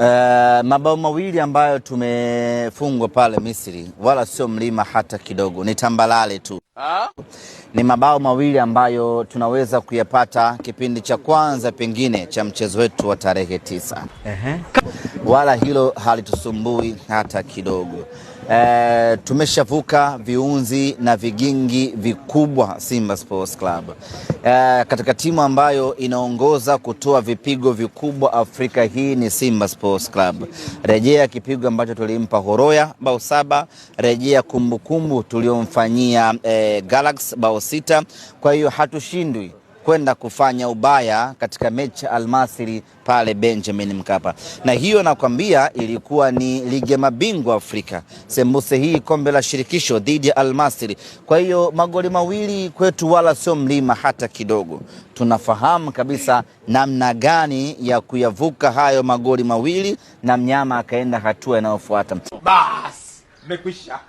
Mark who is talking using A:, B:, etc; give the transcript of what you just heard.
A: Uh, mabao mawili ambayo tumefungwa pale Misri wala sio mlima hata kidogo, ni tambalale tu ha? Ni mabao mawili ambayo tunaweza kuyapata kipindi cha kwanza pengine cha mchezo wetu wa tarehe tisa. -huh. Wala hilo halitusumbui hata kidogo. E, tumeshavuka viunzi na vigingi vikubwa Simba Sports Club. E, katika timu ambayo inaongoza kutoa vipigo vikubwa Afrika hii ni Simba Sports Club. Rejea kipigo ambacho tulimpa Horoya bao saba, rejea kumbukumbu tuliomfanyia e, Galaxy bao sita. Kwa hiyo hatushindwi kwenda kufanya ubaya katika mechi ya Almasiri pale Benjamin Mkapa, na hiyo nakwambia ilikuwa ni ligi ya mabingwa Afrika, sembuse hii kombe la shirikisho dhidi ya Almasiri. Kwa hiyo magoli mawili kwetu wala sio mlima hata kidogo. Tunafahamu kabisa namna gani ya kuyavuka hayo magoli mawili, na mnyama akaenda hatua inayofuata. Bas, mekwisha.